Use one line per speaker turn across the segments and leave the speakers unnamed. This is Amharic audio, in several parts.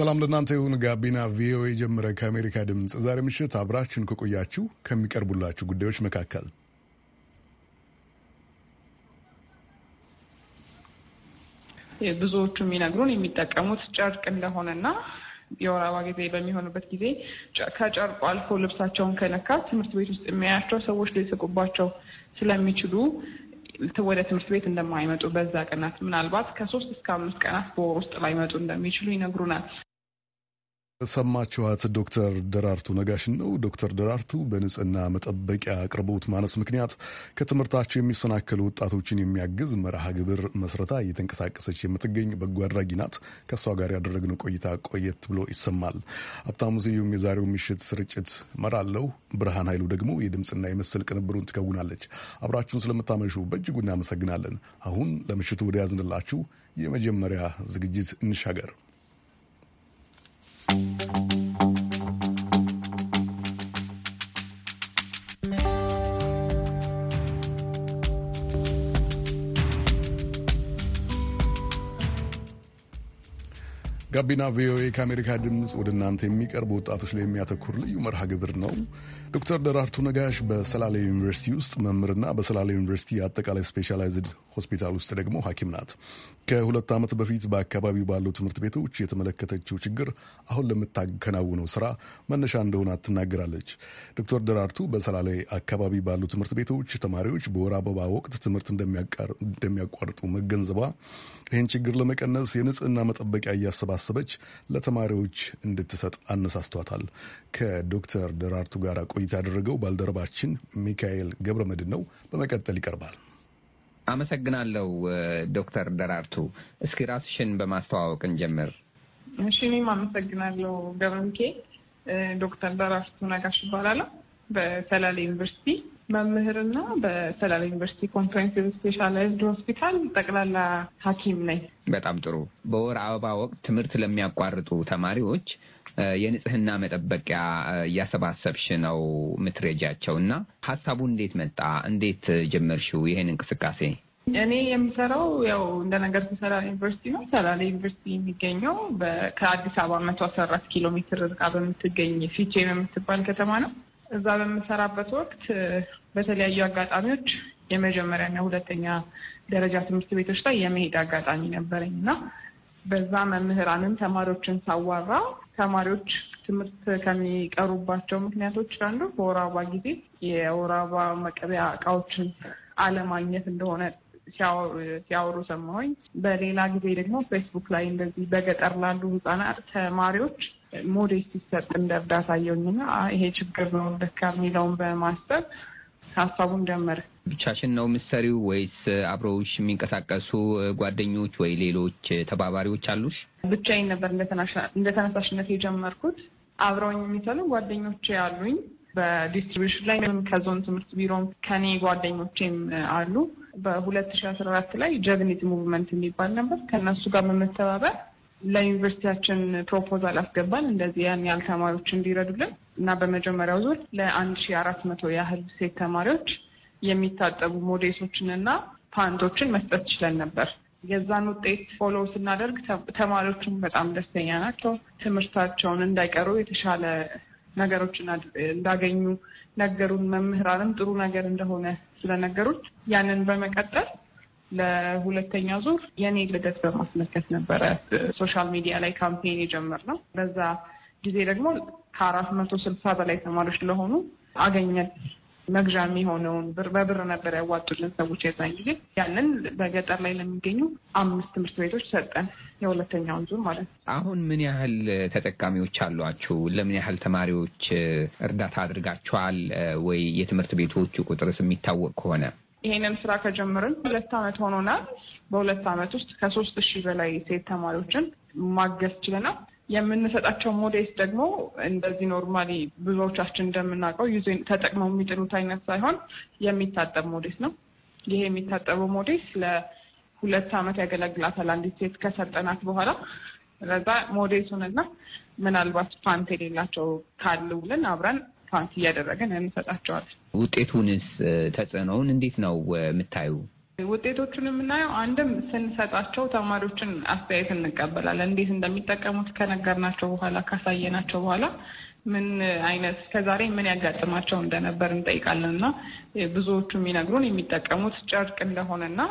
ሰላም ለእናንተ ይሁን። ጋቢና ቪኦኤ ጀምረ ከአሜሪካ ድምፅ ዛሬ ምሽት አብራችሁን ከቆያችሁ ከሚቀርቡላችሁ ጉዳዮች መካከል
ብዙዎቹ የሚነግሩን የሚጠቀሙት ጨርቅ እንደሆነና የወር አበባ ጊዜ በሚሆንበት ጊዜ ከጨርቁ አልፎ ልብሳቸውን ከነካ ትምህርት ቤት ውስጥ የሚያያቸው ሰዎች ሊስቁባቸው ስለሚችሉ ወደ ትምህርት ቤት እንደማይመጡ በዛ ቀናት ምናልባት ከሶስት እስከ አምስት ቀናት በወር ውስጥ ላይመጡ እንደሚችሉ ይነግሩናል።
ሰማችኋት ዶክተር ደራርቱ ነጋሽን ነው። ዶክተር ደራርቱ በንጽህና መጠበቂያ አቅርቦት ማነስ ምክንያት ከትምህርታቸው የሚሰናከሉ ወጣቶችን የሚያግዝ መርሃ ግብር መስረታ እየተንቀሳቀሰች የምትገኝ በጎ አድራጊ ናት። ከእሷ ጋር ያደረግነው ቆይታ ቆየት ብሎ ይሰማል። ሀብታሙ ስዩም የዛሬው ምሽት ስርጭት መራለው፣ ብርሃን ኃይሉ ደግሞ የድምፅና የምስል ቅንብሩን ትከውናለች። አብራችሁን ስለምታመሹ በእጅጉ እናመሰግናለን። አሁን ለምሽቱ ወደ ያዝንላችሁ የመጀመሪያ ዝግጅት እንሻገር። ጋቢና ቪኦኤ ከአሜሪካ ድምፅ ወደ እናንተ የሚቀርብ ወጣቶች ላይ የሚያተኩር ልዩ መርሃ ግብር ነው። ዶክተር ደራርቱ ነጋሽ በሰላሌ ዩኒቨርሲቲ ውስጥ መምህርና በሰላሌ ዩኒቨርሲቲ አጠቃላይ ስፔሻላይዝድ ሆስፒታል ውስጥ ደግሞ ሐኪም ናት። ከሁለት ዓመት በፊት በአካባቢው ባሉ ትምህርት ቤቶች የተመለከተችው ችግር አሁን ለምታከናውነው ስራ መነሻ እንደሆነ ትናገራለች። ዶክተር ደራርቱ በሰላሌ አካባቢ ባሉ ትምህርት ቤቶች ተማሪዎች በወር አበባ ወቅት ትምህርት እንደሚያቋርጡ መገንዘቧ ይህን ችግር ለመቀነስ የንጽህና መጠበቂያ እያሰባሰበች ለተማሪዎች እንድትሰጥ አነሳስቷታል። ከዶክተር ደራርቱ ጋር ቆይታ ያደረገው ባልደረባችን ሚካኤል ገብረ መድን ነው። በመቀጠል ይቀርባል።
አመሰግናለሁ ዶክተር ደራርቱ። እስኪ ራስሽን በማስተዋወቅ
እንጀምር። እሺ፣ እኔም አመሰግናለሁ ገብረ ዶክተር ደራርቱ ነጋሽ ይባላለሁ። በሰላሌ ዩኒቨርሲቲ መምህርና በሰላሌ ዩኒቨርሲቲ ኮንፈረንስ ስፔሻላይዝድ ሆስፒታል ጠቅላላ ሐኪም ነኝ።
በጣም ጥሩ። በወር አበባ ወቅት ትምህርት ለሚያቋርጡ ተማሪዎች የንጽህና መጠበቂያ እያሰባሰብሽ ነው ምትረጃቸው እና ሀሳቡ እንዴት መጣ? እንዴት ጀመርሽው ይሄን እንቅስቃሴ?
እኔ የምሰራው ያው ነገር ሰላሌ ዩኒቨርሲቲ ነው። ሰላሌ ዩኒቨርሲቲ የሚገኘው ከአዲስ አበባ መቶ አስራ አራት ኪሎ ሜትር ርቃ በምትገኝ ፊቼ በምትባል ከተማ ነው። እዛ በምሰራበት ወቅት በተለያዩ አጋጣሚዎች የመጀመሪያና ሁለተኛ ደረጃ ትምህርት ቤቶች ላይ የመሄድ አጋጣሚ ነበረኝ እና በዛ መምህራንን ተማሪዎችን ሳዋራ ተማሪዎች ትምህርት ከሚቀሩባቸው ምክንያቶች አንዱ በወር አበባ ጊዜ የወር አበባ መቀቢያ እቃዎችን አለማግኘት እንደሆነ ሲያወሩ ሰማሁኝ። በሌላ ጊዜ ደግሞ ፌስቡክ ላይ እንደዚህ በገጠር ላሉ ህጻናት ተማሪዎች ሞዴስ ሲሰጥ እንደ እርዳታ አየሁኝና ይሄ ችግር ነው ደካ የሚለውን በማሰብ ሀሳቡን ጀመር
ብቻሽን ነው ምሰሪው ወይስ አብረውሽ የሚንቀሳቀሱ ጓደኞች ወይ ሌሎች ተባባሪዎች አሉሽ?
ብቻዬን ነበር እንደ ተነሳሽነት የጀመርኩት። አብረውኝ የሚሰሩ ጓደኞቼ አሉኝ። በዲስትሪቢሽን ላይ ከዞን ትምህርት ቢሮም ከኔ ጓደኞቼም አሉ። በሁለት ሺ አስራ አራት ላይ ጀግኒት ሙቭመንት የሚባል ነበር። ከእነሱ ጋር በመተባበር ለዩኒቨርሲቲያችን ፕሮፖዛል አስገባል እንደዚህ ያን ያህል ተማሪዎች እንዲረዱልን እና በመጀመሪያው ዙር ለአንድ ሺ አራት መቶ ያህል ሴት ተማሪዎች የሚታጠቡ ሞዴሶችን እና ፓንቶችን መስጠት ችለን ነበር። የዛን ውጤት ፎሎ ስናደርግ ተማሪዎችን በጣም ደስተኛ ናቸው። ትምህርታቸውን እንዳይቀሩ የተሻለ ነገሮችን እንዳገኙ ነገሩን። መምህራንም ጥሩ ነገር እንደሆነ ስለነገሩት ያንን በመቀጠል ለሁለተኛ ዙር የኔ ልደት በማስመልከት ነበረ ሶሻል ሚዲያ ላይ ካምፔን የጀመርነው። በዛ ጊዜ ደግሞ ከአራት መቶ ስልሳ በላይ ተማሪዎች ለሆኑ አገኘን መግዣ የሚሆነውን ብር በብር ነበር ያዋጡልን ሰዎች የዛን ጊዜ። ያንን በገጠር ላይ ለሚገኙ አምስት ትምህርት ቤቶች ሰጠን፣ የሁለተኛውን ዙር ማለት ነው።
አሁን ምን ያህል ተጠቃሚዎች አሏችሁ? ለምን ያህል ተማሪዎች እርዳታ አድርጋችኋል? ወይ የትምህርት ቤቶቹ ቁጥርስ የሚታወቅ ከሆነ?
ይሄንን ስራ ከጀመርን ሁለት ዓመት ሆኖናል። በሁለት ዓመት ውስጥ ከሶስት ሺህ በላይ ሴት ተማሪዎችን ማገዝ ችለናል። የምንሰጣቸው ሞዴስ ደግሞ እንደዚህ ኖርማሊ ብዙዎቻችን እንደምናውቀው ይዞ ተጠቅመው የሚጥሉት አይነት ሳይሆን የሚታጠብ ሞዴስ ነው። ይሄ የሚታጠበው ሞዴስ ለሁለት ዓመት ያገለግላታል አንዲት ሴት ከሰጠናት በኋላ ሞዴሱን ሞዴሱንና ምናልባት ፓንት የሌላቸው ካሉ ብለን አብረን ፓንት እያደረገን እንሰጣቸዋለን።
ውጤቱንስ ተጽዕኖውን እንዴት ነው የምታዩ?
ውጤቶቹን የምናየው አንድም ስንሰጣቸው ተማሪዎችን አስተያየት እንቀበላለን። እንዴት እንደሚጠቀሙት ከነገርናቸው በኋላ ካሳየናቸው በኋላ ምን አይነት ከዛሬ ምን ያጋጥማቸው እንደነበር እንጠይቃለን እና ብዙዎቹ የሚነግሩን የሚጠቀሙት ጨርቅ እንደሆነና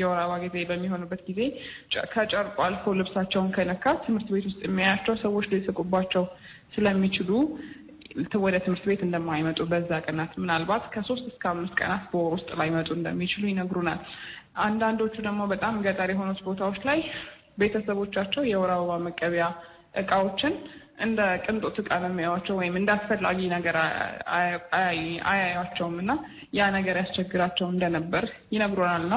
የወር አበባ ጊዜ በሚሆንበት ጊዜ ከጨርቁ አልፎ ልብሳቸውን ከነካ ትምህርት ቤት ውስጥ የሚያያቸው ሰዎች ሊስቁባቸው ስለሚችሉ ወደ ትምህርት ቤት እንደማይመጡ በዛ ቀናት ምናልባት ከሶስት እስከ አምስት ቀናት በወር ውስጥ ላይመጡ እንደሚችሉ ይነግሩናል። አንዳንዶቹ ደግሞ በጣም ገጠር የሆኑት ቦታዎች ላይ ቤተሰቦቻቸው የወር አበባ መቀቢያ እቃዎችን እንደ ቅንጦት ዕቃ ነው የሚያዩዋቸው ወይም እንደ አስፈላጊ ነገር አያያቸውም እና ያ ነገር ያስቸግራቸው እንደነበር ይነግሮናል እና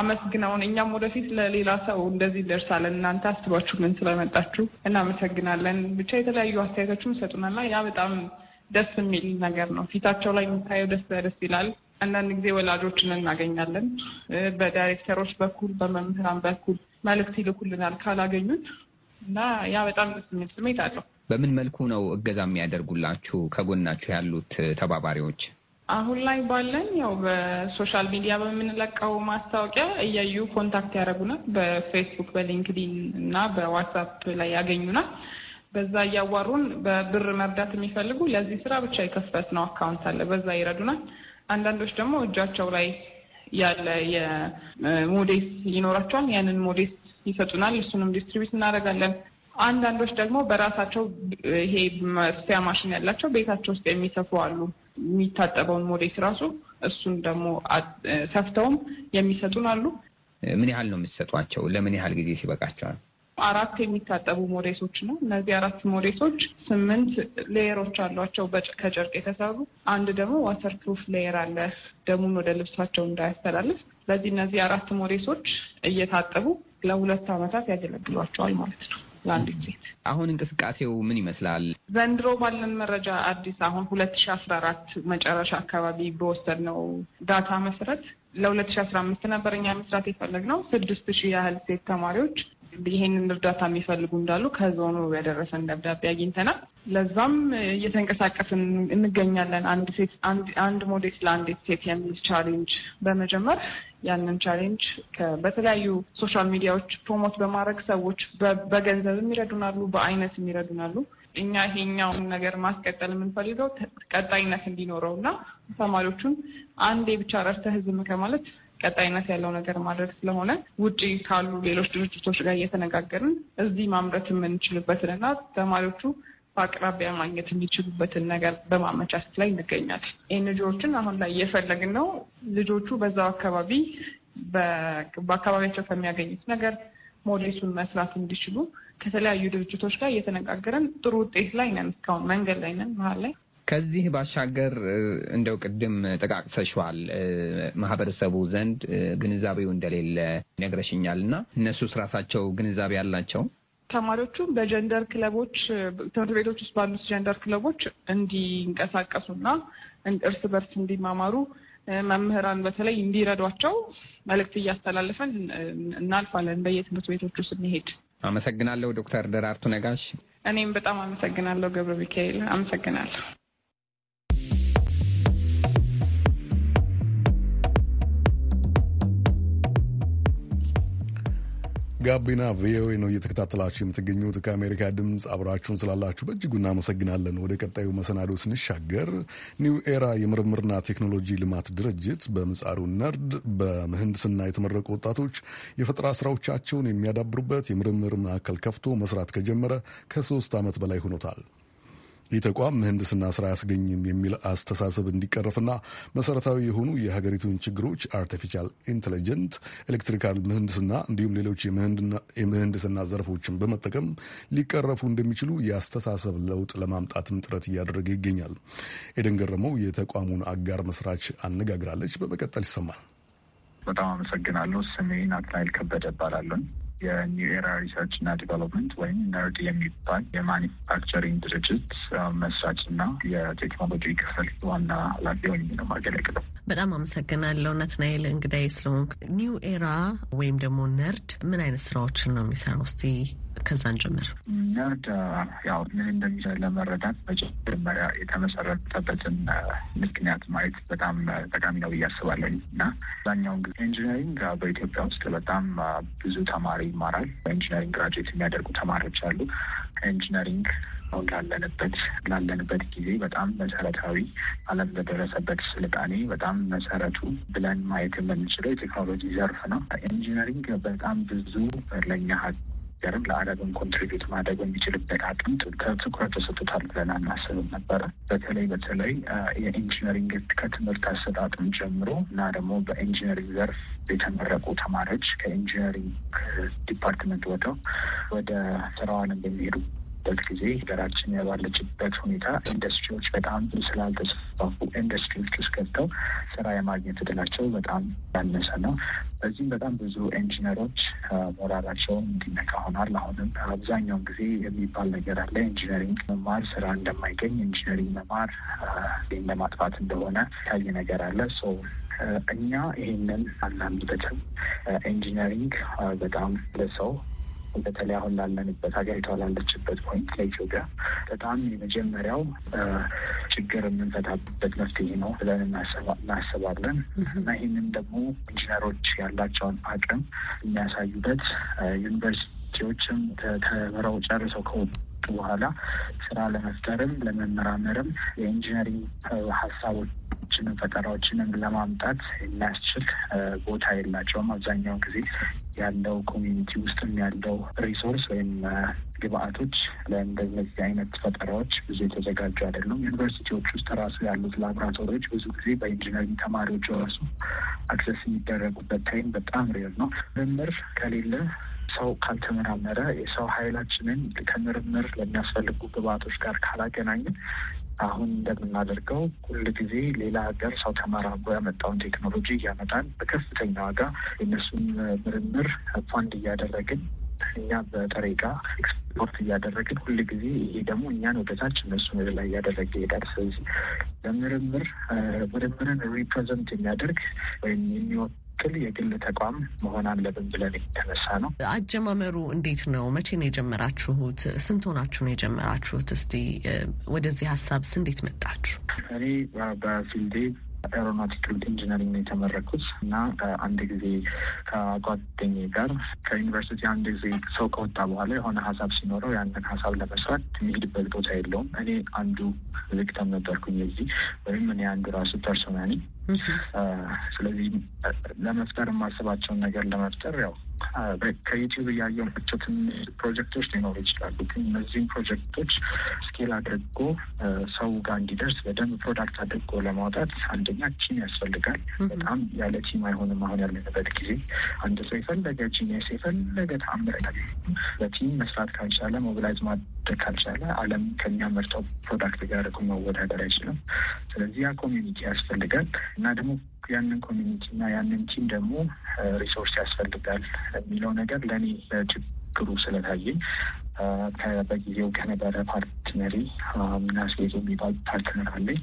አመስግነውን እኛም ወደፊት ለሌላ ሰው እንደዚህ እንደርሳለን። እናንተ አስባችሁ ምን ስለመጣችሁ እናመሰግናለን። ብቻ የተለያዩ አስተያየቶችም ይሰጡናል ያ በጣም ደስ የሚል ነገር ነው። ፊታቸው ላይ የሚታየው ደስ ደስ ይላል። አንዳንድ ጊዜ ወላጆችን እናገኛለን። በዳይሬክተሮች በኩል በመምህራን በኩል መልእክት ይልኩልናል ካላገኙት እና ያ በጣም ደስ የሚል ስሜት አለው።
በምን መልኩ ነው እገዛ የሚያደርጉላችሁ ከጎናችሁ ያሉት ተባባሪዎች?
አሁን ላይ ባለን ያው በሶሻል ሚዲያ በምንለቀው ማስታወቂያ እያዩ ኮንታክት ያደረጉናል። በፌስቡክ፣ በሊንክዲን እና በዋትሳፕ ላይ ያገኙናል። በዛ እያዋሩን በብር መርዳት የሚፈልጉ ለዚህ ስራ ብቻ ነው አካውንት አለ፣ በዛ ይረዱናል። አንዳንዶች ደግሞ እጃቸው ላይ ያለ የሞዴስ ይኖራቸዋል። ያንን ሞዴስ ይሰጡናል። እሱንም ዲስትሪቢዩት እናደርጋለን። አንዳንዶች ደግሞ በራሳቸው ይሄ መስፊያ ማሽን ያላቸው ቤታቸው ውስጥ የሚሰፉ አሉ። የሚታጠበውን ሞዴስ ራሱ እሱን ደግሞ ሰፍተውም የሚሰጡን አሉ።
ምን ያህል ነው የሚሰጧቸው? ለምን ያህል ጊዜ ሲበቃቸዋል?
አራት የሚታጠቡ ሞዴሶች ነው። እነዚህ አራት ሞዴሶች ስምንት ሌየሮች አሏቸው ከጨርቅ የተሰሩ አንድ ደግሞ ዋተር ፕሩፍ ሌየር አለ፣ ደሙን ወደ ልብሳቸው እንዳያስተላልፍ። ስለዚህ እነዚህ አራት ሞዴሶች እየታጠቡ ለሁለት ዓመታት ያገለግሏቸዋል
ማለት ነው። ሴት አሁን እንቅስቃሴው ምን ይመስላል?
ዘንድሮ ባለን መረጃ አዲስ አሁን ሁለት ሺ አስራ አራት መጨረሻ አካባቢ ነው ዳታ መሰረት ለሁለት ሺ አስራ አምስት ነበር እኛ መስራት የፈለግነው ስድስት ሺህ ያህል ሴት ተማሪዎች ይህንን እርዳታ የሚፈልጉ እንዳሉ ከዞኑ የደረሰን ደብዳቤ አግኝተናል። ለዛም እየተንቀሳቀስን እንገኛለን። አንድ ሴት አንድ ሞዴል ለአንዲት ሴት የሚል ቻሌንጅ በመጀመር ያንን ቻሌንጅ በተለያዩ ሶሻል ሚዲያዎች ፕሮሞት በማድረግ ሰዎች በገንዘብ የሚረዱናሉ፣ በአይነት የሚረዱናሉ። እኛ ይሄኛውን ነገር ማስቀጠል የምንፈልገው ቀጣይነት እንዲኖረው እና ተማሪዎቹን አንዴ ብቻ ረድተህ ዝም ከማለት ቀጣይነት ያለው ነገር ማድረግ ስለሆነ ውጪ ካሉ ሌሎች ድርጅቶች ጋር እየተነጋገርን እዚህ ማምረት የምንችልበትን እና ተማሪዎቹ በአቅራቢያ ማግኘት የሚችሉበትን ነገር በማመቻቸት ላይ ይህን ልጆችን አሁን ላይ እየፈለግን ነው። ልጆቹ በዛው አካባቢ በአካባቢያቸው ከሚያገኙት ነገር ሞዴሱን መስራት እንዲችሉ ከተለያዩ ድርጅቶች ጋር እየተነጋገረን ጥሩ ውጤት ላይ ነን። እስካሁን መንገድ ላይ ነን መሀል ላይ
ከዚህ ባሻገር እንደው ቅድም ጠቃቅሰሽዋል፣ ማህበረሰቡ ዘንድ ግንዛቤው እንደሌለ ይነግረሽኛል እና እነሱስ ራሳቸው ግንዛቤ አላቸው?
ተማሪዎቹም በጀንደር ክለቦች ትምህርት ቤቶች ውስጥ ባሉት ጀንደር ክለቦች እንዲንቀሳቀሱና እርስ በርስ እንዲማማሩ መምህራን በተለይ እንዲረዷቸው መልእክት እያስተላለፈን እናልፋለን በየትምህርት ቤቶቹ ስንሄድ።
አመሰግናለሁ ዶክተር ደራርቱ ነጋሽ።
እኔም በጣም አመሰግናለሁ ገብረ ሚካኤል አመሰግናለሁ።
ጋቢና ቪኦኤ ነው እየተከታተላችሁ የምትገኙት። ከአሜሪካ ድምፅ አብራችሁን ስላላችሁ በእጅጉ እናመሰግናለን። ወደ ቀጣዩ መሰናዶ ስንሻገር ኒው ኤራ የምርምርና ቴክኖሎጂ ልማት ድርጅት በምጻሩ ነርድ በምህንድስና የተመረቁ ወጣቶች የፈጠራ ስራዎቻቸውን የሚያዳብሩበት የምርምር ማዕከል ከፍቶ መስራት ከጀመረ ከሶስት ዓመት በላይ ሆኖታል። ይህ ተቋም ምህንድስና ስራ አያስገኝም የሚል አስተሳሰብ እንዲቀረፍና መሰረታዊ የሆኑ የሀገሪቱን ችግሮች አርቲፊሻል ኢንቴሊጀንት፣ ኤሌክትሪካል ምህንድስና እንዲሁም ሌሎች የምህንድስና ዘርፎችን በመጠቀም ሊቀረፉ እንደሚችሉ የአስተሳሰብ ለውጥ ለማምጣትም ጥረት እያደረገ ይገኛል። ኤደን ገረመው የተቋሙን አጋር መስራች አነጋግራለች። በመቀጠል ይሰማል።
በጣም አመሰግናለሁ። ስሜ ናትናኤል ከበደ እባላለሁ። የኒው ኤራ ሪሰርች እና ዲቨሎፕመንት ወይም ነርድ የሚባል የማኒፋክቸሪንግ ድርጅት መስራች እና የቴክኖሎጂ ክፍል ዋና ኃላፊ ወይም ነው ማገለግለው።
በጣም አመሰግናለሁ ናትናኤል እንግዳይ ስለሆንክ። ኒው ኤራ ወይም ደግሞ ነርድ ምን አይነት ስራዎችን ነው የሚሰራው? እስቲ ከዛን ጀምር
ነርድ ያው ምን እንደሚችል ለመረዳት መጀመሪያ የተመሰረተበትን ምክንያት ማየት በጣም ጠቃሚ ነው ብዬ አስባለኝ እና አብዛኛውን ጊዜ ኢንጂነሪንግ በኢትዮጵያ ውስጥ በጣም ብዙ ተማሪ ይማራል። በኢንጂነሪንግ ግራጁዌት የሚያደርጉ ተማሪዎች አሉ። ኢንጂነሪንግ አሁን ላለንበት ላለንበት ጊዜ በጣም መሰረታዊ ዓለም ለደረሰበት ስልጣኔ በጣም መሰረቱ ብለን ማየት የምንችለው የቴክኖሎጂ ዘርፍ ነው። ኢንጂነሪንግ በጣም ብዙ ለኛ ሀገርም ለአደግም ኮንትሪቢዩት ማደግ የሚችልበት አቅም ከትኩረት ተሰጥቶታል ብለን አናስብም ነበረ። በተለይ በተለይ የኢንጂነሪንግ ከትምህርት አሰጣጥም ጀምሮ እና ደግሞ በኢንጂነሪንግ ዘርፍ የተመረቁ ተማሪዎች ከኢንጂነሪንግ ዲፓርትመንት ወደው ወደ ስራው አለም በሚሄዱ በምንሄድበት ጊዜ ሀገራችን ባለችበት ሁኔታ ኢንዱስትሪዎች በጣም ስላልተስፋፉ ኢንዱስትሪዎች ውስጥ ገብተው ስራ የማግኘት እድላቸው በጣም ያነሰ ነው። በዚህም በጣም ብዙ ኢንጂነሮች ሞራላቸውን እንዲነካ ሆናል። አሁንም አብዛኛውን ጊዜ የሚባል ነገር አለ። ኢንጂነሪንግ መማር ስራ እንደማይገኝ፣ ኢንጂነሪንግ መማር ለማጥፋት እንደሆነ ታይ ነገር አለ ሰው እኛ ይህንን አላምንበትም። ኢንጂነሪንግ በጣም ለሰው በተለይ አሁን ላለንበት ሀገሪቷ ላለችበት ፖይንት ለኢትዮጵያ በጣም የመጀመሪያው ችግር የምንፈታበት መፍትሄ ነው ብለን እናስባለን እና ይህንን ደግሞ ኢንጂነሮች ያላቸውን አቅም የሚያሳዩበት ዩኒቨርሲቲዎችም ተምረው ጨርሰው ከወጡ በኋላ ስራ ለመፍጠርም ለመመራመርም የኢንጂነሪንግ ሀሳቦች ችንን ፈጠራዎችንም ለማምጣት የሚያስችል ቦታ የላቸውም። አብዛኛውን ጊዜ ያለው ኮሚኒቲ ውስጥም ያለው ሪሶርስ ወይም ግብአቶች ለእንደዚህ አይነት ፈጠራዎች ብዙ የተዘጋጁ አይደሉም። ዩኒቨርሲቲዎች ውስጥ ራሱ ያሉት ላቦራቶሪዎች ብዙ ጊዜ በኢንጂነሪንግ ተማሪዎች ራሱ አክሰስ የሚደረጉበት ታይም በጣም ሬር ነው። ምርምር ከሌለ ሰው ካልተመራመረ የሰው ኃይላችንን ከምርምር ለሚያስፈልጉ ግብአቶች ጋር ካላገናኘን አሁን እንደምናደርገው ሁል ጊዜ ሌላ ሀገር ሰው ተመራምሮ ያመጣውን ቴክኖሎጂ እያመጣን በከፍተኛ ዋጋ የእነሱን ምርምር ፋንድ እያደረግን እኛ በጥሬ ዕቃ ኤክስፖርት እያደረግን ሁል ጊዜ ይሄ ደግሞ እኛን ወደታች እነሱ ወደ ላይ እያደረገ ይሄዳል። ስለዚህ ለምርምር ምርምርን ሪፕሬዘንት የሚያደርግ ወይም የሚወ ትክክል የግል ተቋም መሆን አለብን ብለን የተነሳ
ነው። አጀማመሩ እንዴት ነው? መቼ ነው የጀመራችሁት? ስንት ሆናችሁ ነው የጀመራችሁት? እስቲ ወደዚህ ሀሳብስ እንዴት መጣችሁ?
እኔ በፊልዴ ኤሮናቲካል ኢንጂነሪንግ ነው የተመረኩት እና አንድ ጊዜ ከጓደኝ ጋር ከዩኒቨርሲቲ አንድ ጊዜ ሰው ከወጣ በኋላ የሆነ ሀሳብ ሲኖረው ያንን ሀሳብ ለመስራት የሚሄድበት ቦታ የለውም። እኔ አንዱ ቪክተም ነበርኩኝ የዚህ ወይም እኔ አንዱ ራሱ ፐርሶና ስለዚህ ለመፍጠር የማስባቸውን ነገር ለመፍጠር ያው ከዩቲዩብ እያየው ፍቸትን ፕሮጀክቶች ሊኖሩ ይችላሉ። ግን እነዚህም ፕሮጀክቶች ስኬል አድርጎ ሰው ጋር እንዲደርስ በደንብ ፕሮዳክት አድርጎ ለማውጣት አንደኛ ቲም ያስፈልጋል። በጣም ያለ ቲም አይሆንም። አሁን ያለንበት ጊዜ አንድ ሰው የፈለገ ጂኒየስ የፈለገ ተአምር በቲም መስራት ካልቻለ ሞቢላይዝ ማድረግ ካልቻለ ዓለም ከሚያመርተው ፕሮዳክት ጋር መወዳደር አይችልም። ስለዚህ ያ ኮሚኒቲ ያስፈልጋል እና ደግሞ ያንን ኮሚኒቲ እና ያንን ቲም ደግሞ ሪሶርስ ያስፈልጋል የሚለው ነገር ለእኔ ችግሩ ስለታየኝ በጊዜው ከነበረ ፓርትነሪ ምናስቤት የሚባል ፓርትነር አለኝ።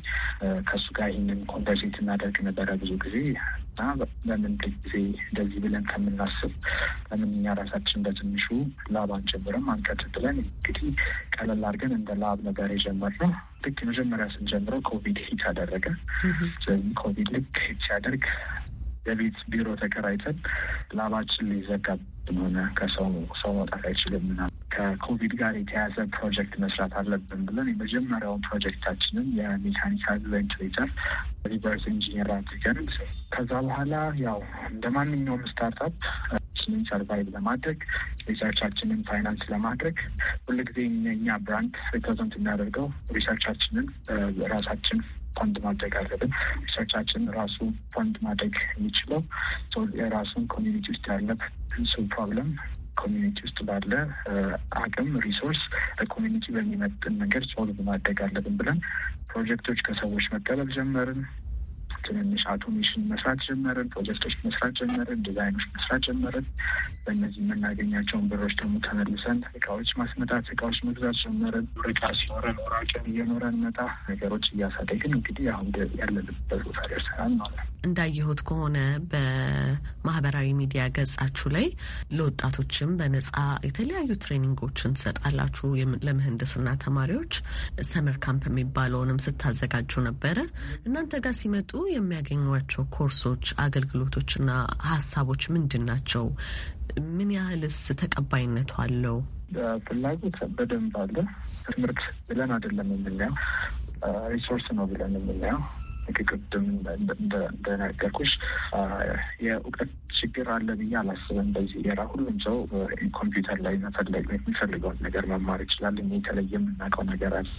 ከእሱ ጋር ይህንን ኮንቨርሴት እናደርግ ነበረ ብዙ ጊዜ እና በምን ጊዜ እንደዚህ ብለን ከምናስብ ለምን እኛ ራሳችን በትንሹ ላብ አንጀምርም አንቀጥ ብለን እንግዲህ ቀለል አድርገን እንደ ላብ ነበር የጀመርነው። ልክ መጀመሪያ ስንጀምረው ኮቪድ ሂት አደረገ። ኮቪድ ልክ ሂት ሲያደርግ የቤት ቢሮ ተከራይተን ላባችን ሊዘጋብን ሆነ ከሰው ሰው መውጣት አይችልም ምናምን ከኮቪድ ጋር የተያዘ ፕሮጀክት መስራት አለብን ብለን የመጀመሪያውን ፕሮጀክታችንን የሜካኒካል ቬንትሌተር ሪቨርስ ኢንጂኒር አድርገን ከዛ በኋላ ያው እንደ ማንኛውም ስታርታፕ ችንን ሰርቫይቭ ለማድረግ ሪሰርቻችንን ፋይናንስ ለማድረግ ሁልጊዜ እኛ ብራንድ ሪፕሬዘንት የሚያደርገው ሪሰርቻችንን ራሳችን ፈንድ ማድረግ አለብን። ሪሰርቻችን ራሱ ፈንድ ማድረግ የሚችለው የራሱን ኮሚኒቲ ውስጥ ያለ ህንሱ ፕሮብለም ኮሚኒቲ ውስጥ ባለ አቅም ሪሶርስ ለኮሚኒቲ በሚመጥን ነገር ሶልቭ ማድረግ አለብን ብለን ፕሮጀክቶች ከሰዎች መቀበል ጀመርን። ትንንሽ አውቶሜሽን መስራት ጀመርን፣ ፕሮጀክቶች መስራት ጀመርን፣ ዲዛይኖች መስራት ጀመርን። በእነዚህ የምናገኛቸውን ብሮች ደግሞ ተመልሰን እቃዎች ማስመጣት፣ እቃዎች መግዛት ጀመርን። እቃ ሲኖረን ወራቅን እየኖረን መጣ ነገሮች እያሳደግን እንግዲህ አሁን ያለንበት ቦታ ደርሰናል ማለት ነው።
እንዳየሁት ከሆነ በማህበራዊ ሚዲያ ገጻችሁ ላይ ለወጣቶችም በነጻ የተለያዩ ትሬኒንጎችን ትሰጣላችሁ። ለምህንድስና ተማሪዎች ሰመር ካምፕ የሚባለውንም ስታዘጋጁ ነበረ። እናንተ ጋር ሲመጡ የሚያገኟቸው ኮርሶች፣ አገልግሎቶችና ሀሳቦች ምንድን ናቸው? ምን ያህልስ ተቀባይነቱ አለው?
ፍላጎት በደንብ አለ። ትምህርት ብለን አይደለም የምናየው ሪሶርስ ነው ብለን የምናየው ቅድም እንደነገርኩሽ የእውቀት ችግር አለ ብዬ አላስብም። በዚህ ኤራ ሁሉም ሰው ኮምፒውተር ላይ መፈለግ የሚፈልገውን ነገር መማር ይችላል። እኔ የተለየ የምናውቀው ነገር አለ።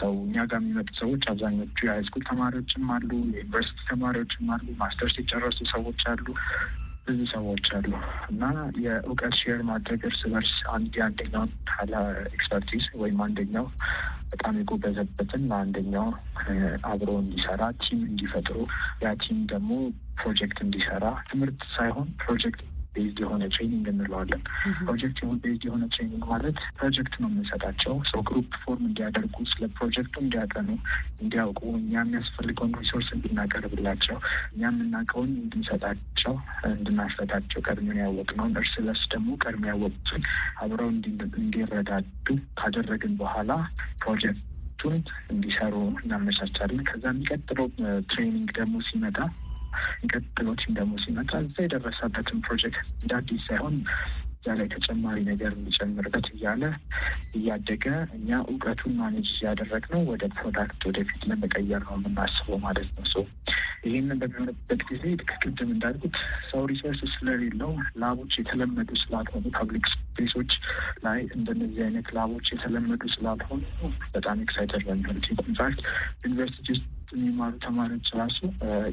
ሰው እኛ ጋር የሚመጡ ሰዎች አብዛኞቹ የሃይስኩል ተማሪዎችም አሉ፣ የዩኒቨርሲቲ ተማሪዎችም አሉ፣ ማስተርስ የጨረሱ ሰዎች አሉ። ብዙ ሰዎች አሉ እና የእውቀት ሼር ማድረግ እርስ በርስ አንድ የአንደኛውን ሀላ ኤክስፐርቲዝ ወይም አንደኛው በጣም የጎበዘበትን ለአንደኛው አብሮ እንዲሰራ ቲም እንዲፈጥሩ ያ ቲም ደግሞ ፕሮጀክት እንዲሰራ ትምህርት ሳይሆን ፕሮጀክት ቤዝድ የሆነ ትሬኒንግ እንለዋለን። ፕሮጀክቲቭ ቤዝድ የሆነ ትሬኒንግ ማለት ፕሮጀክት ነው የምንሰጣቸው ሰው ግሩፕ ፎርም እንዲያደርጉ፣ ስለ ፕሮጀክቱ እንዲያጠኑ፣ እንዲያውቁ፣ እኛ የሚያስፈልገውን ሪሶርስ እንድናቀርብላቸው፣ እኛ የምናውቀውን እንድንሰጣቸው፣ እንድናስረዳቸው ቀድሜን ያወቅነውን እርስ በርስ ደግሞ ቀድሜ ያወቁትን አብረው እንዲረዳዱ ካደረግን በኋላ ፕሮጀክቱን እንዲሰሩ እናመቻቻለን። ከዛ የሚቀጥለው ትሬኒንግ ደግሞ ሲመጣ ቀጥሎ ቲም ደግሞ ሲመጣ እዛ የደረሰበትን ፕሮጀክት እንዳዲስ ሳይሆን እዛ ላይ ተጨማሪ ነገር እንጨምርበት እያለ እያደገ እኛ እውቀቱን ማኔጅ እያደረግ ነው ወደ ፕሮዳክት ወደፊት ለመቀየር ነው የምናስበው ማለት ነው። ሰው ይህንን በሚሆንበት ጊዜ ቅድም እንዳልኩት ሰው ሪሶርስ ስለሌለው ላቦች የተለመዱ ስላልሆኑ ፐብሊክ ስፔሶች ላይ እንደነዚህ አይነት ላቦች የተለመዱ ስላልሆኑ በጣም ኤክሳይተር በሚሆኑት ኢንፋክት ዩኒቨርሲቲ ውስጥ የሚማሩ ተማሪዎች ራሱ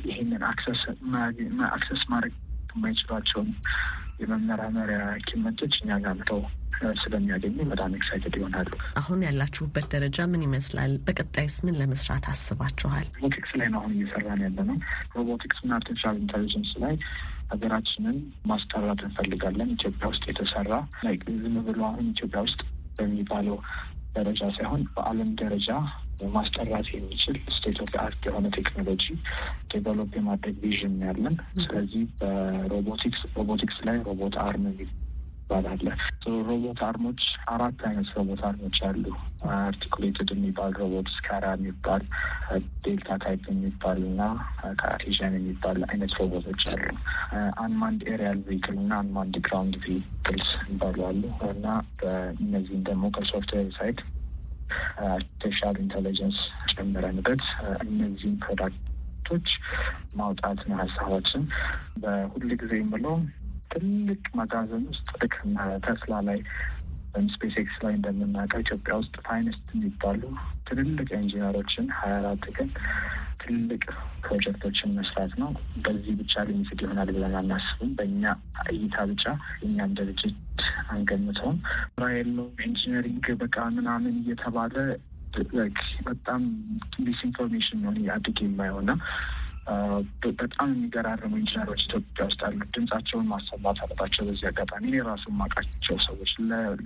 ይህንን አክሰስ ማድረግ የማይችሏቸውን የመመራመሪያ ኪመቶች እኛ ጋምተው
ስለሚያገኙ በጣም ኤክሳይትድ ይሆናሉ። አሁን ያላችሁበት ደረጃ ምን ይመስላል? በቀጣይስ ምን ለመስራት አስባችኋል?
ሮቦቲክስ ላይ ነው አሁን እየሰራን ያለ ነው። ሮቦቲክስና አርቲፊሻል ኢንቴሊጀንስ ላይ ሀገራችንን ማስጠራት እንፈልጋለን። ኢትዮጵያ ውስጥ የተሰራ ዝም ብሎ አሁን ኢትዮጵያ ውስጥ በሚባለው ደረጃ ሳይሆን በዓለም ደረጃ ማስጠራት የሚችል ስቴት ኦፍ አርት የሆነ ቴክኖሎጂ ዴቨሎፕ የማድረግ ቪዥን ያለን። ስለዚህ በሮቦቲክስ ሮቦቲክስ ላይ ሮቦት አርም ይባላለ። ሮቦት አርሞች አራት አይነት ሮቦት አርሞች አሉ። አርቲኩሌትድ የሚባል ሮቦት፣ ስካራ የሚባል ዴልታ ታይፕ የሚባል እና ካርቴዥያን የሚባል አይነት ሮቦቶች አሉ። አንማንድ ኤሪያል ቪክል እና አንማንድ ግራውንድ ቪክልስ ይባሉ አሉ እና በእነዚህም ደግሞ ከሶፍትዌር ሳይድ አርቲፊሻል ኢንቴሊጀንስ ጨምረንበት እነዚህን ፕሮዳክቶች ማውጣት ነው ሀሳባችን። በሁል ጊዜ የምለው ትልቅ መጋዘን ውስጥ ልክ ተስላ ላይ ወይም ስፔስ ኤክስ ላይ እንደምናውቀው ኢትዮጵያ ውስጥ ፋይነስት የሚባሉ ትልልቅ ኢንጂነሮችን ሀያ አራት ግን ትልልቅ ፕሮጀክቶችን መስራት ነው። በዚህ ብቻ ሊሚትድ ይሆናል ብለን አናስብም። በእኛ እይታ ብቻ እኛም ድርጅት አንገምተውም። ራ የለውም ኢንጂነሪንግ በቃ ምናምን እየተባለ በጣም ዲስኢንፎርሜሽን ነው አድግ የማየውና በጣም የሚገራርሙ ኢንጂነሮች ኢትዮጵያ ውስጥ አሉ። ድምጻቸውን ማሰማት አለባቸው። በዚህ አጋጣሚ እኔ ራሱ የማውቃቸው ሰዎች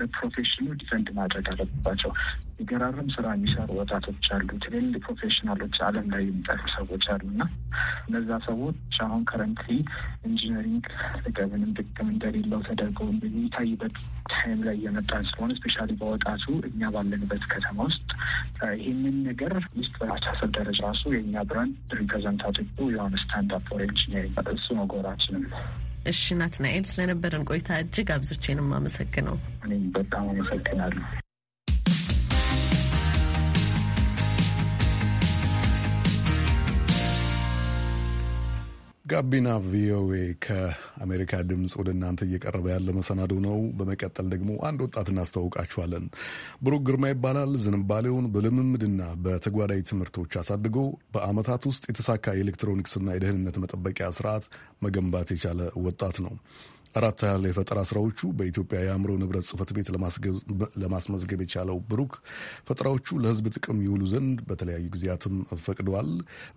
ለፕሮፌሽኑ ዲፈንድ ማድረግ አለባቸው። የሚገራርም ስራ የሚሰሩ ወጣቶች አሉ። ትልልቅ ፕሮፌሽናሎች አለም ላይ የሚጠሩ ሰዎች አሉ እና እነዛ ሰዎች አሁን ከረንትሊ ኢንጂነሪንግ ጥቅምንም ጥቅም እንደሌለው ተደርገው የሚታይበት ታይም ላይ እየመጣ ስለሆነ ስፔሻሊ በወጣቱ እኛ ባለንበት ከተማ ውስጥ ይህንን ነገር ውስጥ በአስተሳሰብ ደረጃ ራሱ የእኛ ብራንድ ሪፕሬዘንታቶች የሆነ ስታንዳፕ ፎር ኢንጂኒሪንግ እሱ ነው
ጎራችንም። እሺ ናትናኤል፣ ስለነበረን ቆይታ እጅግ አብዝቼ ነው የማመሰግነው።
እኔም በጣም አመሰግናለሁ።
ጋቢና ቪኦኤ ከአሜሪካ ድምፅ ወደ እናንተ እየቀረበ ያለ መሰናዶ ነው። በመቀጠል ደግሞ አንድ ወጣት እናስተዋውቃችኋለን። ብሩክ ግርማ ይባላል። ዝንባሌውን በልምምድና በተጓዳኝ ትምህርቶች አሳድጎ በአመታት ውስጥ የተሳካ የኤሌክትሮኒክስና የደህንነት መጠበቂያ ስርዓት መገንባት የቻለ ወጣት ነው። አራት ያህል የፈጠራ ስራዎቹ በኢትዮጵያ የአእምሮ ንብረት ጽህፈት ቤት ለማስመዝገብ የቻለው ብሩክ ፈጠራዎቹ ለህዝብ ጥቅም ይውሉ ዘንድ በተለያዩ ጊዜያትም ፈቅደዋል።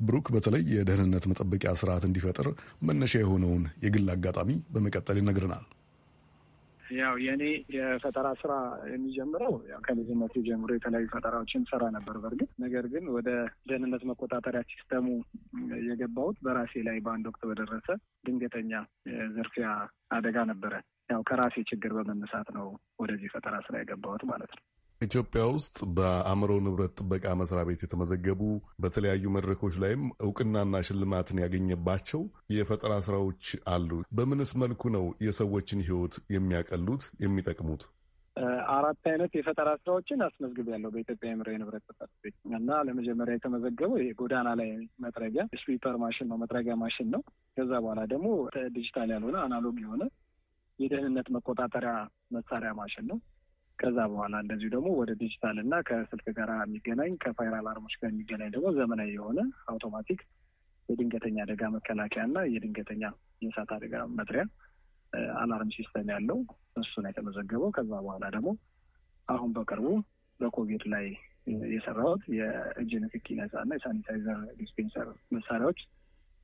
ብሩክ በተለይ የደህንነት መጠበቂያ ስርዓት እንዲፈጥር መነሻ የሆነውን የግል አጋጣሚ በመቀጠል ይነግረናል።
ያው የእኔ የፈጠራ ስራ የሚጀምረው ከልጅነት ጀምሮ የተለያዩ ፈጠራዎችን ሰራ ነበር። በእርግጥ ነገር ግን ወደ ደህንነት መቆጣጠሪያ ሲስተሙ የገባሁት በራሴ ላይ በአንድ ወቅት በደረሰ ድንገተኛ ዝርፊያ አደጋ ነበረ። ያው ከራሴ ችግር በመነሳት ነው ወደዚህ ፈጠራ ስራ የገባሁት ማለት ነው።
ኢትዮጵያ ውስጥ በአእምሮ ንብረት ጥበቃ መስሪያ ቤት የተመዘገቡ በተለያዩ መድረኮች ላይም እውቅናና ሽልማትን ያገኘባቸው የፈጠራ ስራዎች አሉ። በምንስ መልኩ ነው የሰዎችን ህይወት የሚያቀሉት የሚጠቅሙት?
አራት አይነት የፈጠራ ስራዎችን ያለው በኢትዮጵያ የአእምሮ የንብረት ጥበቃ ቤት እና ለመጀመሪያ የተመዘገበው የጎዳና ላይ መጥረጊያ ስዊፐር ማሽን ነው፣ መጥረጊያ ማሽን ነው። ከዛ በኋላ ደግሞ ዲጂታል ያልሆነ አናሎግ የሆነ የደህንነት መቆጣጠሪያ መሳሪያ ማሽን ነው። ከዛ በኋላ እንደዚሁ ደግሞ ወደ ዲጂታል እና ከስልክ ጋር የሚገናኝ ከፋይር አላርሞች ጋር የሚገናኝ ደግሞ ዘመናዊ የሆነ አውቶማቲክ የድንገተኛ አደጋ መከላከያ እና የድንገተኛ የእሳት አደጋ መጥሪያ አላርም ሲስተም ያለው እሱን የተመዘገበው። ከዛ በኋላ ደግሞ አሁን በቅርቡ በኮቪድ ላይ የሰራሁት የእጅ ንክኪ ነጻ እና የሳኒታይዘር ዲስፔንሰር መሳሪያዎች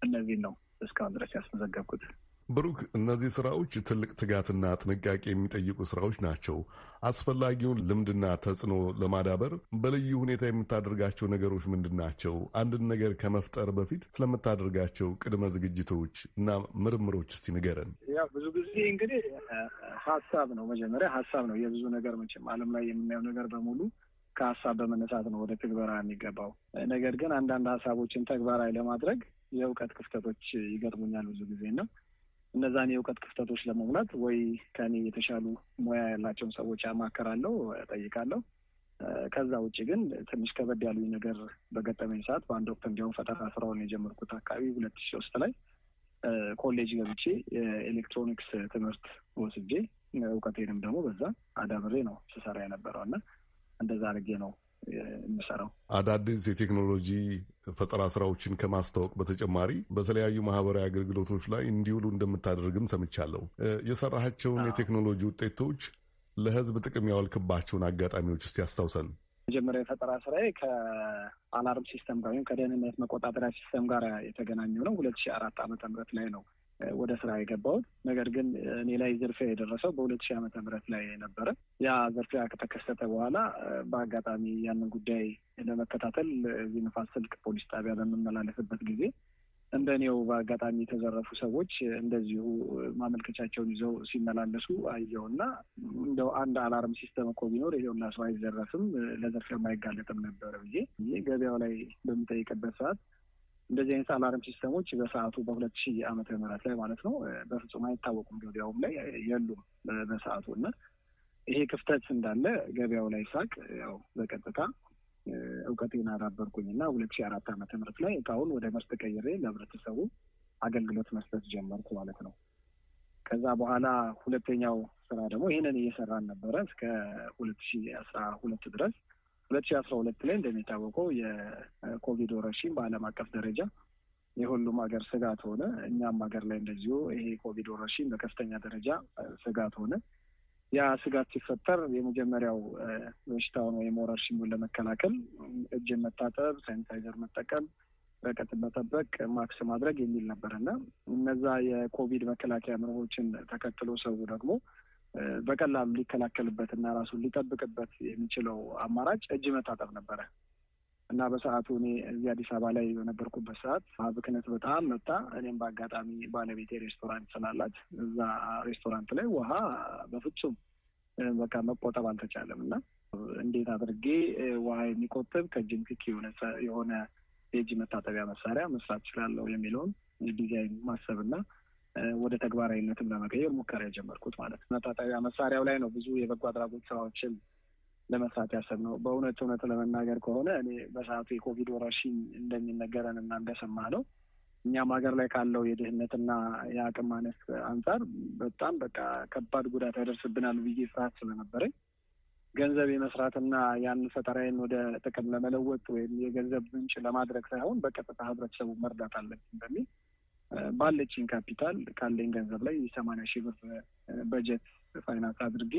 እነዚህን ነው እስካሁን ድረስ ያስመዘገብኩት።
ብሩክ፣ እነዚህ ስራዎች ትልቅ ትጋትና ጥንቃቄ የሚጠይቁ ስራዎች ናቸው። አስፈላጊውን ልምድና ተጽዕኖ ለማዳበር በልዩ ሁኔታ የምታደርጋቸው ነገሮች ምንድን ናቸው? አንድን ነገር ከመፍጠር በፊት ስለምታደርጋቸው ቅድመ ዝግጅቶች እና ምርምሮች እስቲ ንገረን።
ያው ብዙ ጊዜ እንግዲህ ሀሳብ ነው መጀመሪያ ሀሳብ ነው የብዙ ነገር መቼም ዓለም ላይ የምናየው ነገር በሙሉ ከሀሳብ በመነሳት ነው ወደ ትግበራ የሚገባው። ነገር ግን አንዳንድ ሀሳቦችን ተግባራዊ ለማድረግ የእውቀት ክፍተቶች ይገጥሙኛል ብዙ ጊዜ ነው እነዛን የእውቀት ክፍተቶች ለመሙላት ወይ ከኔ የተሻሉ ሙያ ያላቸውን ሰዎች ያማከራለሁ፣ ጠይቃለሁ። ከዛ ውጭ ግን ትንሽ ከበድ ያሉኝ ነገር በገጠመኝ ሰዓት በአንድ ወቅት እንዲያውም ፈጠራ ስራውን የጀመርኩት አካባቢ ሁለት ሺ ውስጥ ላይ ኮሌጅ ገብቼ የኤሌክትሮኒክስ ትምህርት ወስጄ እውቀቴንም ደግሞ በዛ አዳብሬ ነው ስሰራ የነበረው እና እንደዛ አድርጌ ነው የምሰራው።
አዳዲስ የቴክኖሎጂ ፈጠራ ስራዎችን ከማስታወቅ በተጨማሪ በተለያዩ ማህበራዊ አገልግሎቶች ላይ እንዲውሉ እንደምታደርግም ሰምቻለሁ። የሰራሃቸውን የቴክኖሎጂ ውጤቶች ለህዝብ ጥቅም ያዋልክባቸውን አጋጣሚዎች ውስጥ ያስታውሰን።
መጀመሪያ የፈጠራ ስራዬ ከአላርም ሲስተም ጋር ወይም ከደህንነት መቆጣጠሪያ ሲስተም ጋር የተገናኘው ነው። ሁለት ሺህ አራት ዓመተ ምህረት ላይ ነው ወደ ስራ የገባሁት። ነገር ግን እኔ ላይ ዝርፊያ የደረሰው በሁለት ሺህ ዓመተ ምህረት ላይ ነበረ። ያ ዝርፊያ ከተከሰተ በኋላ በአጋጣሚ ያንን ጉዳይ ለመከታተል እዚህ ንፋስ ስልክ ፖሊስ ጣቢያ በምመላለስበት ጊዜ እንደ እኔው በአጋጣሚ የተዘረፉ ሰዎች እንደዚሁ ማመልከቻቸውን ይዘው ሲመላለሱ አየውና እንደው አንድ አላርም ሲስተም እኮ ቢኖር ይሄውና ሰው አይዘረፍም፣ ለዘርፊያ አይጋለጥም ነበረ ብዬ ገበያው ላይ በምጠይቅበት ሰዓት እንደዚህ አይነት አላርም ሲስተሞች በሰዓቱ በሁለት ሺህ ዓመተ ምህረት ላይ ማለት ነው በፍጹም አይታወቁም። ገበያውም ላይ የሉም በሰዓቱ እና ይሄ ክፍተት እንዳለ ገበያው ላይ ሳቅ ያው በቀጥታ እውቀቴን አዳበርኩኝ እና ሁለት ሺህ አራት ዓመተ ምህረት ላይ እቃውን ወደ ምርት ቀይሬ ለህብረተሰቡ አገልግሎት መስጠት ጀመርኩ ማለት ነው። ከዛ በኋላ ሁለተኛው ስራ ደግሞ ይህንን እየሰራን ነበረ እስከ ሁለት ሺህ አስራ ሁለት ድረስ ሁለት ሺ አስራ ሁለት ላይ እንደሚታወቀው የኮቪድ ወረርሽኝ በዓለም አቀፍ ደረጃ የሁሉም ሀገር ስጋት ሆነ። እኛም ሀገር ላይ እንደዚሁ ይሄ ኮቪድ ወረርሽኝ በከፍተኛ ደረጃ ስጋት ሆነ። ያ ስጋት ሲፈጠር የመጀመሪያው በሽታውን ወይም ወረርሽኙን ለመከላከል እጅን መታጠብ፣ ሳኒታይዘር መጠቀም፣ ርቀትን መጠበቅ፣ ማክስ ማድረግ የሚል ነበር እና እነዛ የኮቪድ መከላከያ ምርቦችን ተከትሎ ሰው ደግሞ በቀላሉ ሊከላከልበት እና ራሱን ሊጠብቅበት የሚችለው አማራጭ እጅ መታጠብ ነበረ እና በሰዓቱ እኔ እዚህ አዲስ አበባ ላይ በነበርኩበት ሰዓት ብክነት በጣም መጣ። እኔም በአጋጣሚ ባለቤቴ ሬስቶራንት ስላላት እዛ ሬስቶራንት ላይ ውሃ በፍጹም በቃ መቆጠብ አልተቻለም እና እንዴት አድርጌ ውሃ የሚቆጥብ ከእጅም ክክ የሆነ የእጅ መታጠቢያ መሳሪያ መስራት እችላለሁ የሚለውን ዲዛይን ማሰብና ወደ ተግባራዊነትም ለመቀየር ሙከራ የጀመርኩት ማለት ነው። መታጠቢያ መሳሪያው ላይ ነው ብዙ የበጎ አድራጎት ስራዎችን ለመስራት ያሰብነው። በእውነት እውነት ለመናገር ከሆነ እኔ በሰዓቱ የኮቪድ ወረርሽኝ እንደሚነገረን እና እንደሰማ ነው እኛም ሀገር ላይ ካለው የድህነትና የአቅም ማነስ አንጻር በጣም በቃ ከባድ ጉዳት ያደርስብናል ብዬ ፍርሃት ስለነበረኝ ገንዘብ የመስራትና ያን ፈጠራዬን ወደ ጥቅም ለመለወጥ ወይም የገንዘብ ምንጭ ለማድረግ ሳይሆን በቀጥታ ህብረተሰቡ መርዳት አለብን በሚል ባለችኝ ካፒታል ካለኝ ገንዘብ ላይ ሰማንያ ሺህ ብር በጀት ፋይናንስ አድርጌ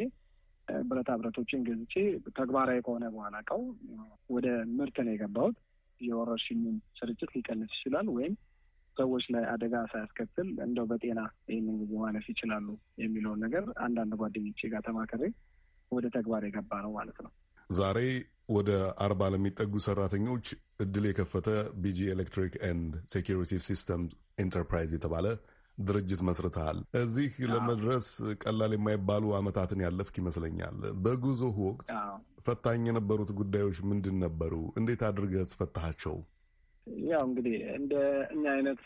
ብረታ ብረቶችን ገዝቼ ተግባራዊ ከሆነ በኋላ ቀው ወደ ምርት ነው የገባሁት። የወረርሽኙን ስርጭት ሊቀንስ ይችላል ወይም ሰዎች ላይ አደጋ ሳያስከትል እንደው በጤና ይህንን ጊዜ ማለፍ ይችላሉ የሚለውን ነገር አንዳንድ ጓደኞቼ ጋር ተማከሬ ወደ ተግባር የገባ ነው ማለት ነው።
ዛሬ ወደ አርባ ለሚጠጉ ሰራተኞች እድል የከፈተ ቢጂ ኤሌክትሪክ ኤንድ ሴኪሪቲ ሲስተም ኤንተርፕራይዝ የተባለ ድርጅት መስርተሃል። እዚህ ለመድረስ ቀላል የማይባሉ ዓመታትን ያለፍክ ይመስለኛል። በጉዞህ ወቅት ፈታኝ የነበሩት ጉዳዮች ምንድን ነበሩ? እንዴት አድርገህ ፈታሃቸው?
ያው እንግዲህ እንደ እኛ አይነት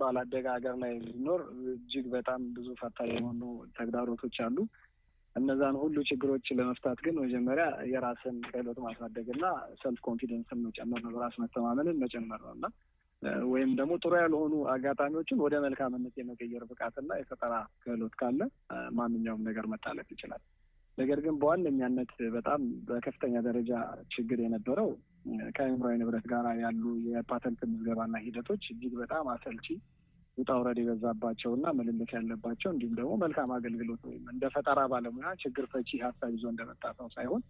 ባላደገ ሀገር ላይ ሲኖር እጅግ በጣም ብዙ ፈታኝ የሆኑ ተግዳሮቶች አሉ። እነዛን ሁሉ ችግሮች ለመፍታት ግን መጀመሪያ የራስን ክህሎት ማሳደግና ሰልፍ ኮንፊደንስን መጨመር ነው፣ በራስ መተማመንን መጨመር ነው እና ወይም ደግሞ ጥሩ ያልሆኑ አጋጣሚዎችን ወደ መልካምነት የመቀየር ብቃትና የፈጠራ ክህሎት ካለ ማንኛውም ነገር መታለፍ ይችላል። ነገር ግን በዋነኛነት በጣም በከፍተኛ ደረጃ ችግር የነበረው ከአእምሯዊ ንብረት ጋር ያሉ የፓተንት ምዝገባና ሂደቶች እጅግ በጣም አሰልቺ ውጣ ውረድ የበዛባቸው እና ምልልስ ያለባቸው እንዲሁም ደግሞ መልካም አገልግሎት ወይም እንደ ፈጠራ ባለሙያ ችግር ፈቺ ሀሳብ ይዞ እንደመጣ ሰው ሳይሆን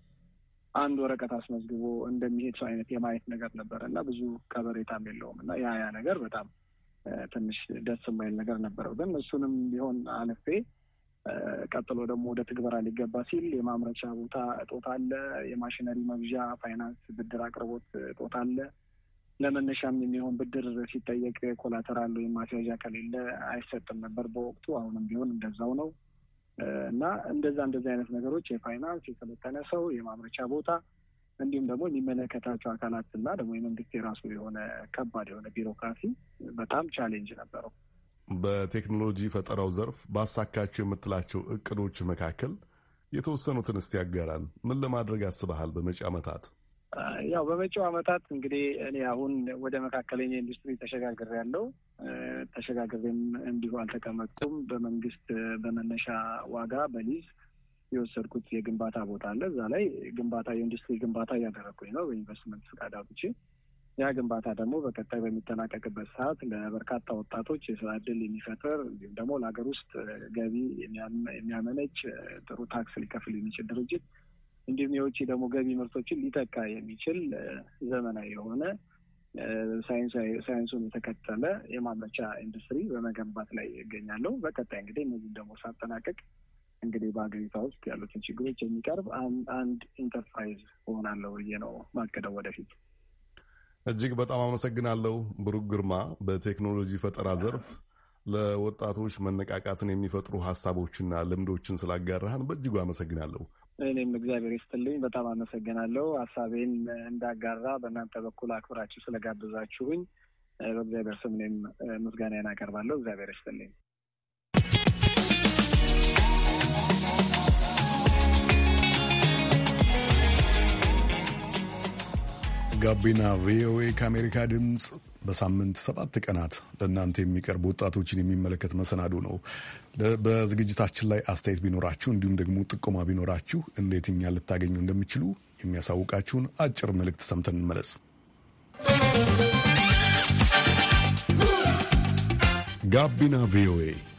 አንድ ወረቀት አስመዝግቦ እንደሚሄድ ሰው አይነት የማየት ነገር ነበረ እና ብዙ ከበሬታም የለውም እና ያ ያ ነገር በጣም ትንሽ ደስ የማይል ነገር ነበረው። ግን እሱንም ቢሆን አልፌ ቀጥሎ ደግሞ ወደ ትግበራ ሊገባ ሲል የማምረቻ ቦታ እጦት አለ፣ የማሽነሪ መግዣ ፋይናንስ ብድር አቅርቦት እጦት አለ፣ ለመነሻም የሚሆን ብድር ሲጠየቅ ኮላተራል ወይም ማስያዣ ከሌለ አይሰጥም ነበር በወቅቱ። አሁንም ቢሆን እንደዛው ነው እና እንደዛ እንደዛ አይነት ነገሮች የፋይናንስ የሰለጠነ ሰው የማምረቻ ቦታ እንዲሁም ደግሞ የሚመለከታቸው አካላት እና ደግሞ የመንግስት የራሱ የሆነ ከባድ የሆነ ቢሮክራሲ በጣም ቻሌንጅ ነበረው።
በቴክኖሎጂ ፈጠራው ዘርፍ ባሳካቸው የምትላቸው እቅዶች መካከል የተወሰኑትን እስቲ ያጋራን። ምን ለማድረግ አስበሃል በመጪ ዓመታት?
ያው በመጪው አመታት እንግዲህ እኔ አሁን ወደ መካከለኛ ኢንዱስትሪ ተሸጋግሬ ያለው ተሸጋግሬም እንዲሁ አልተቀመጥኩም። በመንግስት በመነሻ ዋጋ በሊዝ የወሰድኩት የግንባታ ቦታ አለ። እዛ ላይ ግንባታ የኢንዱስትሪ ግንባታ እያደረግኩኝ ነው በኢንቨስትመንት ፈቃድ አውጥቼ። ያ ግንባታ ደግሞ በቀጣይ በሚጠናቀቅበት ሰዓት ለበርካታ ወጣቶች የስራ እድል የሚፈጥር እንዲሁም ደግሞ ለሀገር ውስጥ ገቢ የሚያመነጭ ጥሩ ታክስ ሊከፍል የሚችል ድርጅት እንዲሁም የውጭ ደግሞ ገቢ ምርቶችን ሊተካ የሚችል ዘመናዊ የሆነ ሳይንሱን የተከተለ የማምረቻ ኢንዱስትሪ በመገንባት ላይ ይገኛለሁ። በቀጣይ እንግዲህ እነዚህም ደግሞ ሳጠናቀቅ እንግዲህ በሀገሪቷ ውስጥ ያሉትን ችግሮች የሚቀርብ አንድ ኢንተርፕራይዝ እሆናለሁ ብዬ ነው ማቀደው ወደፊት።
እጅግ በጣም አመሰግናለሁ ብሩክ ግርማ። በቴክኖሎጂ ፈጠራ ዘርፍ ለወጣቶች መነቃቃትን የሚፈጥሩ ሀሳቦችና ልምዶችን ስላጋራህን በእጅጉ አመሰግናለሁ።
እኔም እግዚአብሔር ይስጥልኝ በጣም አመሰግናለሁ። ሀሳቤን እንዳጋራ በእናንተ በኩል አክብራችሁ ስለጋብዛችሁኝ በእግዚአብሔር ስም እኔም ምስጋናዬን አቀርባለሁ። እግዚአብሔር ይስጥልኝ።
ጋቢና ቪኦኤ ከአሜሪካ ድምፅ በሳምንት ሰባት ቀናት ለእናንተ የሚቀርብ ወጣቶችን የሚመለከት መሰናዶ ነው። በዝግጅታችን ላይ አስተያየት ቢኖራችሁ እንዲሁም ደግሞ ጥቆማ ቢኖራችሁ እንዴት እኛ ልታገኙ እንደሚችሉ የሚያሳውቃችሁን አጭር መልእክት ሰምተን እንመለስ። ጋቢና ቪኦኤ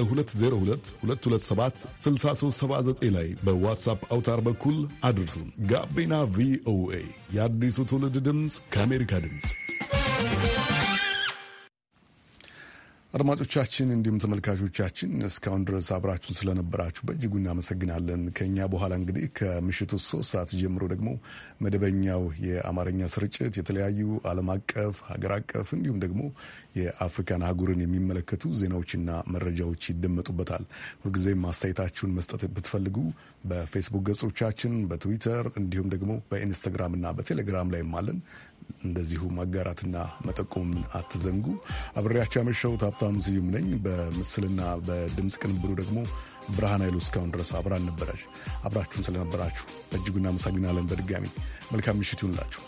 በ202 6379 ላይ በዋትሳፕ አውታር በኩል አድርሱን። ጋቢና ቪኦኤ የአዲሱ ትውልድ ድምፅ ከአሜሪካ ድምፅ አድማጮቻችን እንዲሁም ተመልካቾቻችን እስካሁን ድረስ አብራችሁን ስለነበራችሁ በእጅጉ እናመሰግናለን። ከእኛ በኋላ እንግዲህ ከምሽቱ ሶስት ሰዓት ጀምሮ ደግሞ መደበኛው የአማርኛ ስርጭት የተለያዩ ዓለም አቀፍ፣ ሀገር አቀፍ እንዲሁም ደግሞ የአፍሪካን አህጉርን የሚመለከቱ ዜናዎችና መረጃዎች ይደመጡበታል። ሁልጊዜም አስተያየታችሁን መስጠት ብትፈልጉ በፌስቡክ ገጾቻችን፣ በትዊተር እንዲሁም ደግሞ በኢንስታግራም እና በቴሌግራም ላይ ማለን እንደዚሁ ማጋራትና መጠቆም አትዘንጉ። አብሬያቸው ያመሸሁት ሀብታሙ ስዩም ነኝ። በምስልና በድምፅ ቅንብሩ ደግሞ ብርሃን ኃይሉ እስካሁን ድረስ አብራን ነበረች። አብራችሁን ስለነበራችሁ በእጅጉ እናመሰግናለን። በድጋሚ መልካም ምሽት ይሁንላችሁ።